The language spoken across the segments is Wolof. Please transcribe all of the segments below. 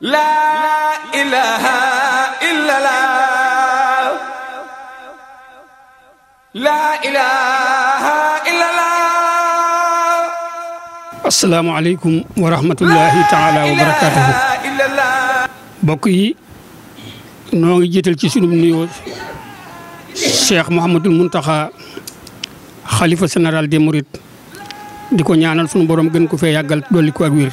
laa ilaaha illallaah laa ilaaha illallaah. taalaa wa barakaatuhu. mbokk yi noo ngi jiital ci sunu nuyoo Cheikh Mouhamadul Mountakha xalifa général des Mourides di ko ñaanal sunu borom gën ko fee yàggal dolli ko ak wér.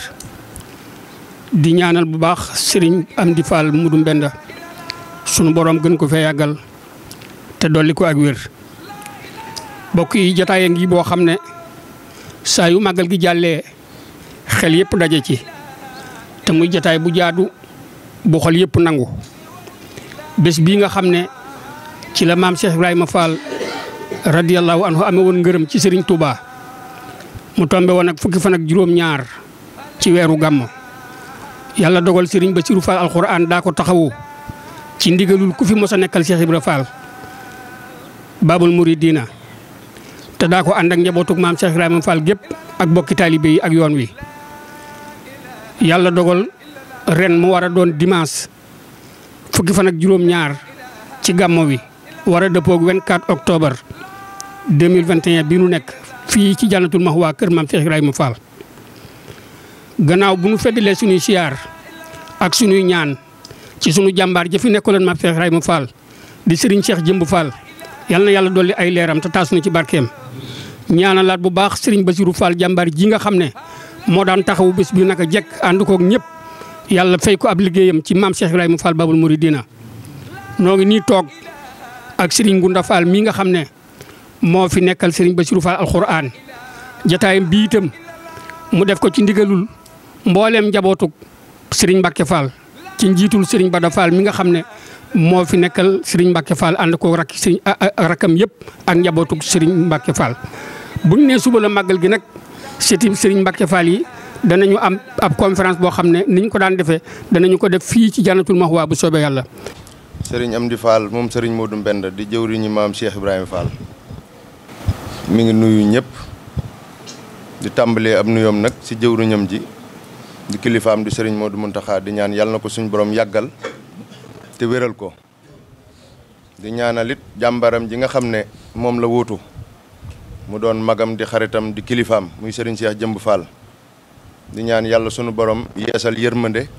di ñaanal bu baax sëriñ Serigne Amdi Fall Mudu Mbenda sunu boroom gën ko fee yàggal te dolli ko ak wér bokk yi jotaay ngi boo xam ne saa yu màggal gi jàllee xel yëpp daje ci te muy jataay bu jaadu bu xol yëpp nangu bés bii nga xam ne ci la maam Cheikh ma Fall radiyallahu anhu amee woon ngërëm ci Serigne Touba mu tombe woon ak fukki fan juróom-ñaar ci weeru gàmmu yàlla dogal Serigne Bassirou Fall alxuraan daa ko taxawu ci ndigalul ku fi mos a nekkal Cheikh Ibra Fall Babul Mouridina te daa ko ànd ak njabootug maam Cheikh Ibrahima Fall gépp ak bokki taalibe yi ak yoon wi. yàlla dogal ren mu war a doon dimanche fukki fan ak juróom-ñaar ci gàmmo wi war a dëppoog 24 octobre 2021 bi nu nekk fii ci jànnatul waa kër maam Cheikh Ibrahima Fall. gannaaw bu nu feddalee suñuy siyaar ak suñuy ñaan ci suñu jàmbaar ja fi nekkaloon maam Cheikh mu Fall di Serigne Cheikh Jëmb Fall yal na yàlla dolli ay leeram te taas na ci barkeem laat bu baax ba Basirou Fall jàmbaar jii nga xam ne moo daan taxawu bés bi naka jekk ànd kook ñëpp yàlla fey ko ab liggéeyam ci maam Cheikh Ibrahima Fall Babul diina noo ngi nii toog ak Serigne Gunda Fall mii nga xam ne moo fi nekkal Serigne ba Fall alxuraan jotaayam def ko ci ndigalul mbooleem njabootug Serigne Mbacke Fall ci njiitul Serigne Bada Fall mi nga xam ne moo fi nekkal Serigne Mbacke Fall ànd ko rak Serigne rakam yëpp ak njabootug Serigne Mbacke Fall. bu ñu nee suba la màggal gi nag sëti Serigne Mbacke Fall yi danañu am ab conférence boo xam ne ni ñu ko daan defee danañu ko def fii ci jànnatul waa bu soobee yàlla. am di Fall moom Serigne Modou Mbend di jëwriñu maam Cheikh Ibrahima Fall. mi ngi nuyu ñëpp di tàmbalee ab nuyoom nag ci jëwriñam ji. di kilifaam di sëriñ Modou Mountakha di ñaan yàlla na ko suñu borom yàggal te wéral ko di ñaanal it jàmbaram ji nga xam ne moom la wuutu mu doon magam di xaritam di kilifaam muy sëriñ Cheikh Jëmb Fall di ñaan yàlla sunu borom yeesal yërmande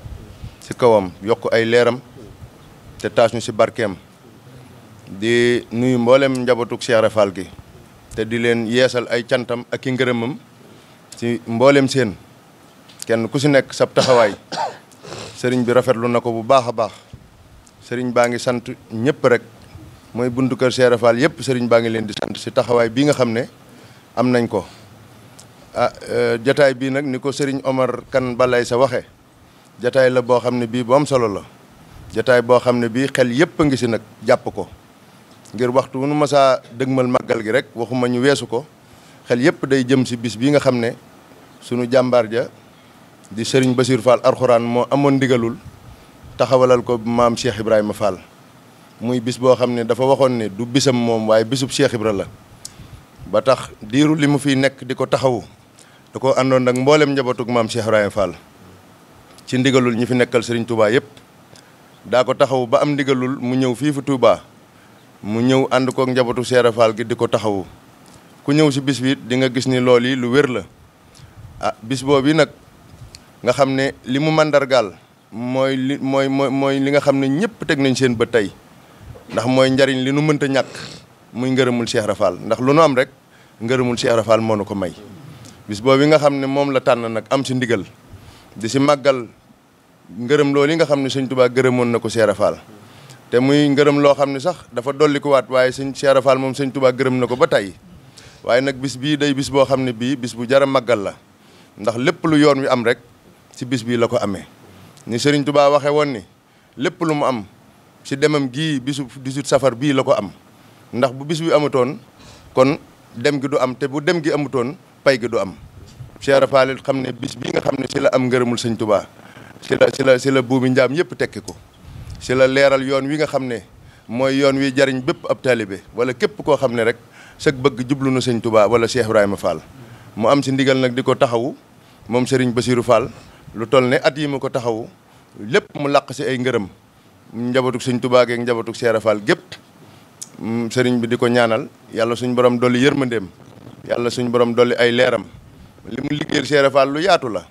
si kawam yokk ay leeram te taas ñu ci barkeem di nuyu mboolem njabootug Cheikh Ibra Fall gi te di leen yeesal ay cantam ak i ngërëmam ci mboolem seen kenn ku si nekk sab taxawaay sëriñ bi rafetlu na ko bu baax a baax sëriñ baa ngi sant ñëpp rek mooy buntu kër Cheikh Fall yëpp sëriñ baa ngi leen di sant si taxawaay bii nga xam ne am nañ ko ah euh, jataay bii nag ni ko sëriñ Omar kan balay sa waxe jataay la boo xam ne bii bu am solo la jataay boo xam ne bii xel yëpp a ngi si nag jàpp ko ngir waxtu wu nu masaa dëgmal màggal gi rek waxuma ñu weesu ko xel yëpp day jëm si bis bii nga xam ne sunu jàmbaar ja di sëriñ Basiir Fall arxuraan moo amoon ndigalul taxawalal ko maam Cheikh Ibrahima Fall muy bis boo xam ne dafa waxoon ne du bisam moom waaye bisub Cheikh Ibra la ba tax diiru li mu fi nekk di ko taxawu da ko àndoon ak mboolem njabootug maam Cheikh Ibrahima ci ndigalul ñi fi nekkal sëriñ Touba yëpp daa ko taxawu ba am ndigalul mu ñëw fii fu tuubaa mu ñëw ànd kook njabootu Cheikh Fall gi di ko taxawu ku ñëw si bis bi di gis ni loolu yi lu wér la ah bis nag. nga xam ne li mu màndargaal mooy li mooy mooy li nga xam ne ñëpp teg nañ seen bët tey ndax mooy njariñ li nu mënta ñàkk muy ngërëmul Cheikh Rafal ndax lu nu am rek ngërëmul Cheikh Rafal moo nu ko may bis boobu nga xam ne moom la tànn nag am si ndigal di si màggal ngërëm loolu yi nga xam ne sëñ Tuubaa gërëmoon na ko Cheikh Rafal te muy ngërëm loo xam ne sax dafa dolli ko waaye sëñ Cheikh Rafal moom sëñ gërëm na ko ba tey waaye nag bis bii day bis boo xam ne bii bis bu jar a màggal la ndax lépp lu yoon wi am rek ci bis bii la ko amee ni Serigne Touba waxee woon ni lépp lu mu am si demam gii bisu 18 safar bii la ko am ndax bu bis bi amutoon kon dem gi du am te bu dem gi amutoon pay gi du am Cheikh Rafal xam ne bis bii nga xam ne si la am ngërëmul Sëñ tubaa si la si la si la buubi njaam yëpp tekki ko si la leeral yoon wi nga xam ne mooy yoon wi jariñ bépp ab taalibe wala képp koo xam ne rek sag bëgg jublu na Sëñ tubaa wala Cheikh Ibrahima Fall mu am si ndigal nag di ko taxawu moom Serigne Bassirou Fall lu toll ne at yi mu ko taxawu lépp mu làq si ay ngërëm njabootug suñ Tuubaa ak njabootug Seera Faal gépp mm, sëriñ bi di ko ñaanal yàlla suñ borom dolli yërmandeem yàlla suñ borom dolli ay leeram li mu liggéeyal Seera Faal lu yaatu la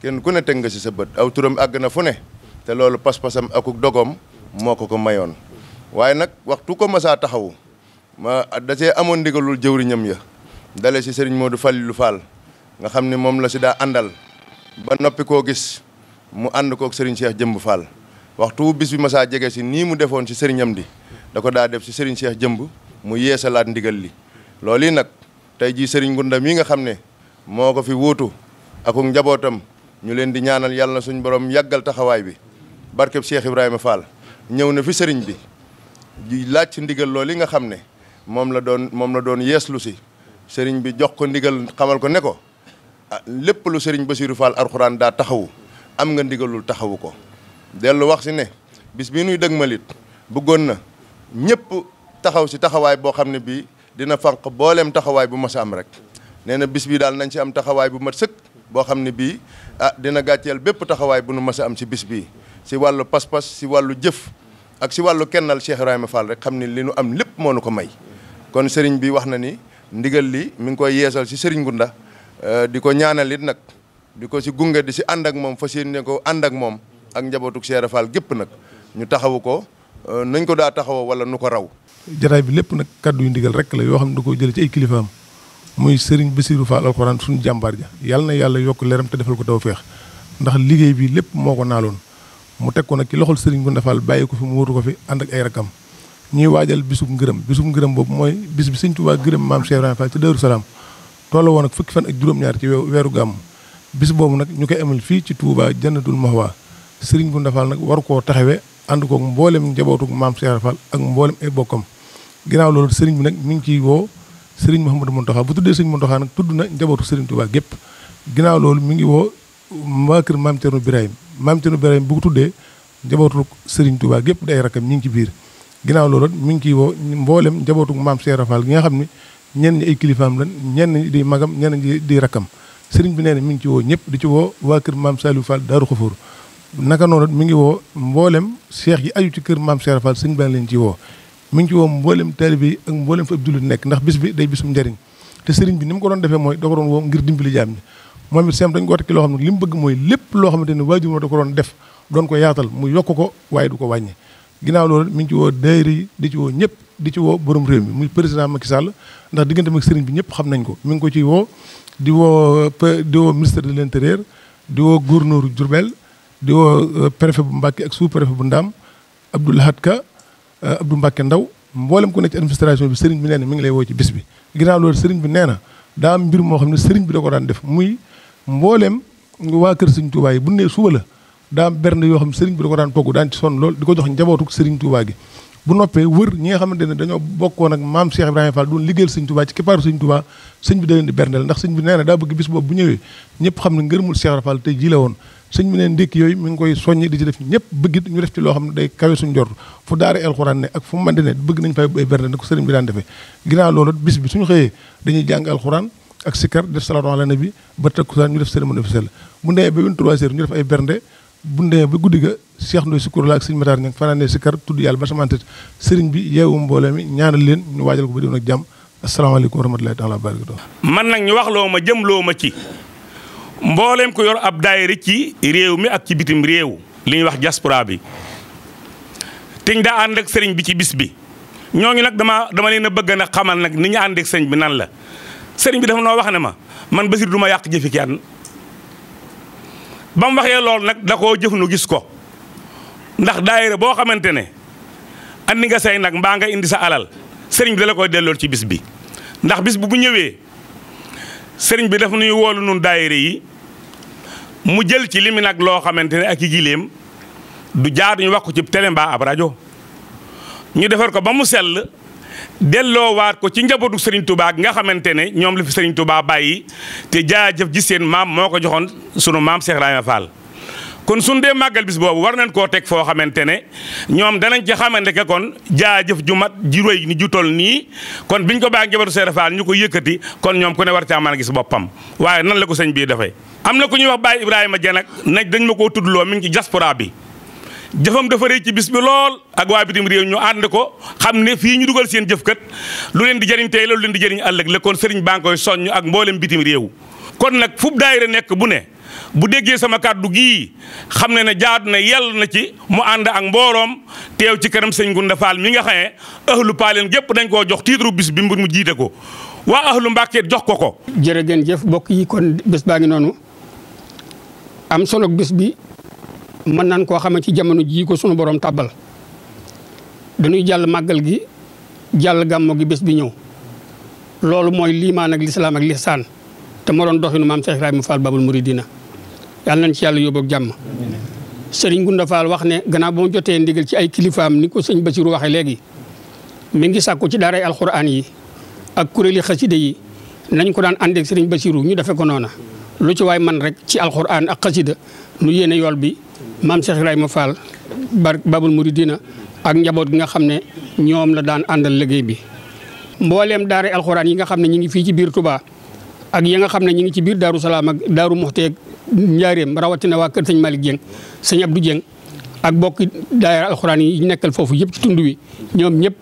kenn ku ne teg nga si sa bët aw turam àgg na fu ne te loolu pas-pasam akuk dogoom moo ko ko mayoon waaye nag waxtu ko masaa taxawu ma da see amoon ndigalul jëwriñam ya dale si sëriñ Modou Fallilou Fall nga xam ne moom la si daa àndal ba noppi koo gis mu ànd kook Serigne Cheikh Jëmb Fall waxtu bis bi masaa jege si nii mu defoon si Serigne Amdi da ko daa def si Serigne Cheikh Jëmb mu yeesalaat ndigal li looli nag tey jii Serigne Ngunda mii nga xam ne moo ko fi wuutu ak njabootam ñu leen di ñaanal yàlla na suñu borom yàggal taxawaay bi barkeb Cheikh Ibrahima Fall ñëw na fi Serigne bi di laaj ci ndigal loolu yi nga xam ne moom la doon moom la doon yeeslu si Serigne bi jox ko ndigal xamal ko ne ko. Ah, lépp lu Serigne Bassirou Fall alxuraan daa taxawu am nga ndigalul taxawu ko dellu wax si ne bis bii nuy dëgmalit bëggoon na ñëpp taxaw si taxawaay boo xam ne bii dina fànq booleem taxawaay bu mas a am rek nee na bis bi daal nañ si am taxawaay bu mat sëkk boo xam ne bii ah dina gàcceel bépp taxawaay bu nu mas a am si bis bii si wàllu pas-pas si wàllu jëf ak si wàllu kennal Cheikh Ibrahima Fall rek xam ne li nu am lépp moo nu ko may kon sëriñ bi wax na ni ndigal li mi ngi koy yeesal si sëriñ Gunda Euh, di ko ñaanal it nag di ko si gunge di si ànd ak moom fa fas ne ko ànd ak moom ak njabootuk Cheikh Fall gépp nag ñu taxawu ko euh, nañ ko daa taxawoo wala nu ko raw. jataay bi lépp nag kaddu yu ndigal rek la yoo xam ne da koo jëlee ci ay kilifaam muy Serigne Bassirou Fall alxuraan suñu jàmbaar ja yàlla na yàlla yokk leeram te defal ko tawféex ndax liggéey bi lépp moo ko naaloon mu teg ko nag ci loxol Serigne Gounda Fall bàyyi ko fi mu wutu ko fi ànd ak ay rakam waajal bisub ngërëm bisub ngërëm boobu mooy bis bi Serigne Touba gërëm maam ci Daaru Salaam tolla woon ak fukki fan ak juróom-ñaar ci weeru gàmm bis boobu nag ñu koy amal fii ci Touba Jannatul Mahwa Serigne Bounda Fall nag war koo taxawee ànd koog mboolem njabootu maam Cheikh Fall mboolem ay bokkam ginnaaw loolu bi nag mi ngi ciy woo Serigne Mouhamadou Mountakha bu tuddee Serigne Mountakha nag tudd na njabootu Serigne Touba gépp ginnaaw loolu mi ngi woo waa kër maam Thierno Birahim maam Thierno Birahim bu tuddee njabootu Serigne Touba gépp day rakkam ñi ngi ci biir ginnaaw mi ngi ciy woo mboolem njabootu maam Cheikh Fall gi nga xam ni ñenn ñi ay kilifaam lan ñenn di magam ñenn ñi di rakkam sëriñ bi nee na mi ngi ci woo ñëpp di ci woo waa kër maam Saliou Fall Daaru Xafoor naka noonu mi ngi woo mboolem seex yi aju ci kër maam Cheikh Fall sëriñ baa ngi leen ci woo mi ngi ci woo mboolem taalibe yi ak mboolem fa ab jullit nekk ndax bis bi day bisum njariñ te sëriñ bi ni mu ko doon defee mooy da ko doon woo ngir dimbali jaam ñi moom it seem dañ ko tekki loo xam ne li mu bëgg mooy lépp loo xamante ne waajur da ko doon def doon ko mu yokk ko waaye du ko wàññi ginnaaw loolu mi ngi ci woo daayira di ci ñëpp di ci woo borom réew mi muy président Macky Sall ndax diggante mag sëriñ bi ñëpp xam nañ ko mi ngi ko ciy woo di woo di woo ministre de l'intérieur di woo gouverneur Diourbel di wo euh, préfet bu Mbacké ak sous-préfet bu Ndam Abdou Lahad Ka euh, Abdou Mbacké Ndaw mboolem ku nekk ci administration bi sëriñ bi nee na mi ngi lay woo ci bis bi ginnaaw loolu sëriñ bi nee na daa mbir moo xam ne sëriñ bi da ko daan def muy mbooleem mboolem waa kër sëriñ Touba yi bu nee suba la daa am bernde yoo xam ne sëriñ bi da ko daan togg daan lool di ko jox njabootu sëriñ Touba gi bu noppee wër ñi nga xamante ne dañoo bokkoon ak maam Cheikh Ibrahima Fall doon liggéeyal sëñ Touba ci keppaaru sëñ Touba sëñ bi da leen na daa bëgg bis boobu bu ñëwee ñëpp ne ngërëmul Cheikh Ibrahima Fall tey ji la woon sëñ bi neen ndékki yooyu mi ngi koy soññi di ci def ñëpp bëggit ñu def ci loo xam ne day kawe suñ jort fu daara alxuraan ne ak fu mu mën di ne bëgg nañ fay ay bernde ne ko sëriñ bi daan defee ginnaaw loolu bis bi suñu xëyee dañuy jàng alxuraan ak sikar def salaatu ala nabi ba takkusaan ñu def cérémonie officielle bu ndee ba 23 heures ñu def ay bernde bu ndee ba guddi ga Cheikh Ndoye Sikour la ak sëñ Matar Niang fanaanee sikkar tudd yàlla ba samante sëriñ bi yeewu mbooloo mi ñaanal leen ñu waajal ko ba déwén ak jàmm asalaamaaleykum wa rahmatulahi taala wa barakatu man nag ñu wax loo ma jëm loo ma ci mboolem ko yor ab daayira ci réew mi ak ci bitim réew li ñuy wax diaspora bi teñ daa ànd ak sëriñ bi ci bis bi ñooñu nag dama dama leen a bëgg nag xamal nag ni ñu ànd ak sëriñ bi nan la sëriñ bi dafa noo wax ne ma man basir du ma yàq jëfi ba mu waxee loolu nag da koo jëf nu gis ko ndax daayira boo xamante ne andi nga say nag mbaa nga indi sa alal sëriñ bi dala koy dellool ci bis bi ndax bis bu bu ñëwee sëriñ bi daf nuy woolu nun daayira yi mu jël ci limi nag loo xamante ne ak i gileem du jaar ñu wax ci télé mbaa ab rajo ñu defar ko ba mu sell delloo waat ko ci njabootu Serigne Touba nga xamante ne ñoom la fi Serigne Touba bàyyi te jaajëf ji seen maam moo ko joxoon sunu maam Cheikh Ibrahima Fall. kon sun dee màggal boobu war nañ koo teg foo xamante ne ñoom danañ ci xamante que kon jaajëf ju mat ju rëy ni ju tol nii kon biñ ko bàyyi njabootu Cheikh Fall ñu ko yëkkati kon ñoom ku ne war caa mën a gis boppam waaye nan la ko sëñ bii dafay am na ku ñuy wax Baye Ibrahima Dieng nag nañ dañ ma koo tuddloo mi ngi ci diaspora bi. jëfam dafa rëy ci bis bi lool ak waa bitim réew ñu ànd ko xam ne fii ñu dugal seen jëfkat lu leen di jëriñ tey la lu leen di jëriñ àllëg la kon sëriñ baa ngi soññ ak mboolem bitim réew kon nag fu daayira nekk bu ne bu déggee sama kàddu gi xam ne ne jaat na yell na ci mu ànd ak mbooloom teew ci kanam sëñ Gunda Faal mi nga xamee ahlu paaleen gépp dañ koo jox tiitru bis bi mbir mu jiite ko waa ahlu Mbàkke jox ko ko. jërë ngeen jëf mbokk yi kon bés baa ngi noonu am solo bi. mën nañ koo xamee ci jamono jii ko sunu borom tàbbal dañuy jàll màggal gi jàll gàmmo gi bés bi ñëw loolu mooy liimaan ak lislaam ak lisaan te moo doon doxinu maam Cheikh Ibrahima Fall Babul Muridina yàlla nañ ci yàlla yóbbu ak jàmm. Serigne Gunda Fall wax ne gannaaw ba mu jotee ndigal ci ay kilifaam ni ko sëñ Basiru waxee léegi mu ngi sàkku ci daaray alxuraan yi ak kuréeli xaside yi nañ ko daan àndeeg Serigne Basiru ñu defee ko noona lu ci waay man rek ci alxuraan ak xasida nu yéene yool bi maam Cheikh Ibrahima Fall bar babul muridina ak njaboot gi nga xam ne ñoom la daan àndal liggéey bi. mbooleem daare alxuraan yi nga xam ne ñu ngi fii ci biir Touba ak yi nga xam ne ñu ngi ci biir Darou Salaam ak Darou Moxti ak Njaareem rawatina waa kër sëñ Malick Dieng sëñ Abdou Dieng ak bokki daare alxuraan yi nekkal foofu yëpp ci tund wi ñoom ñëpp.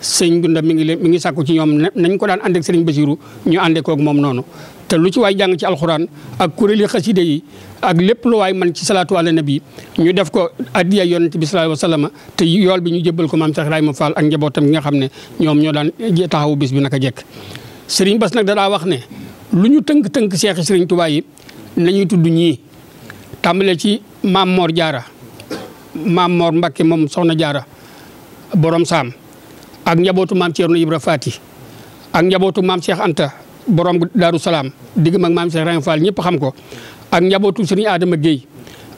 sëñ Gunda mi ngi leen mi ngi sàkku ci ñoom nañ ko daan ànd ak sëriñ Basiru ñu àndee moom noonu te lu ci waay jàng ci alxuraan ak kuréeli xaside yi ak lépp lu waay man ci salaatu ala nabi ñu def ko addiya yonent bi sallallahu alayhi wasallam te yool bi ñu jëbbal ko maam Cheikh Ibrahima Fall ak njabootam nga xam ne ñoom ñoo daan taxawu bis bi naka jekk sëriñ Bas nag danaa wax ne lu ñu tënk-tënk seexi sëriñ Tuubaa yi nañuy tudd ñii tàmbale ci maam moor Jaara maam moor Mbakke moom soxna Jaara borom saam ak njabootu maam Thierno Ibra Fati ak njabootu maam Cheikh Anta borom Daaru Salaam digg mag maam Cheikh Rahim Fall ñëpp xam ko ak njabootu sëriñ Adama Guèye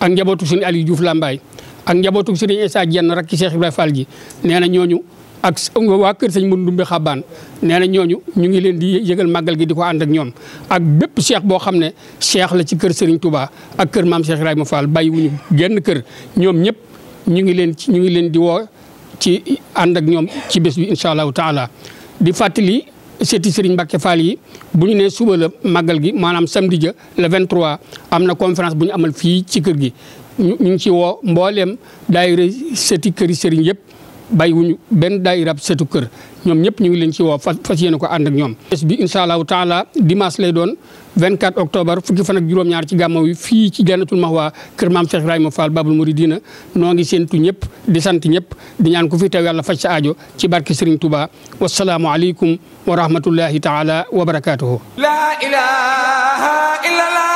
ak njabootu sëriñ Aliou Diouf Lambaye ak njabootu sëriñ Issa Diène rakki Cheikh Ibra Fall ji nee na ñooñu ak waa kër sëñ Mun Dumbe Xabaan nee na ñooñu ñu ngi leen di yëgal màggal gi di ko ànd ak ñoom ak bépp cheikh boo xam ne cheikh la ci kër Serigne Touba ak kër maam Cheikh Ibrahima Fall bàyyiwuñu genn kër ñoom ñëpp ñu ngi leen di woo ci ànd ak ñoom ci bés bi incha allahu taala di fàttali seeti Serigne Mbacke Fall yi bu ñu nee suba la màggal gi maanaam samedi ja le trois am na conférence bu ñu amal fii ci kër gi ñu ngi ci woo mbooleem daayira seeti këri Serigne yëpp. bàyyiwuñu benn daayirab setu kër ñoom ñëpp ñu ngi leen ci woo fas fas yéene ko ànd ak ñoom. bés bi incha allahu taala dimanche lay doon 24 fukki fan juróom-ñaar ci gàmmaw yi fii ci Jannatul Mahwa kër maam Cheikh Ibrahima Fall Babul Mouridina noo ngi séentu ñëpp di sant ñëpp di ñaan ku fi teew yàlla faj sa aajo ci barke Serigne Touba wasalaamu aleykum wa rahmatullahi taala wa barakaatuhu. la ilaha illallah.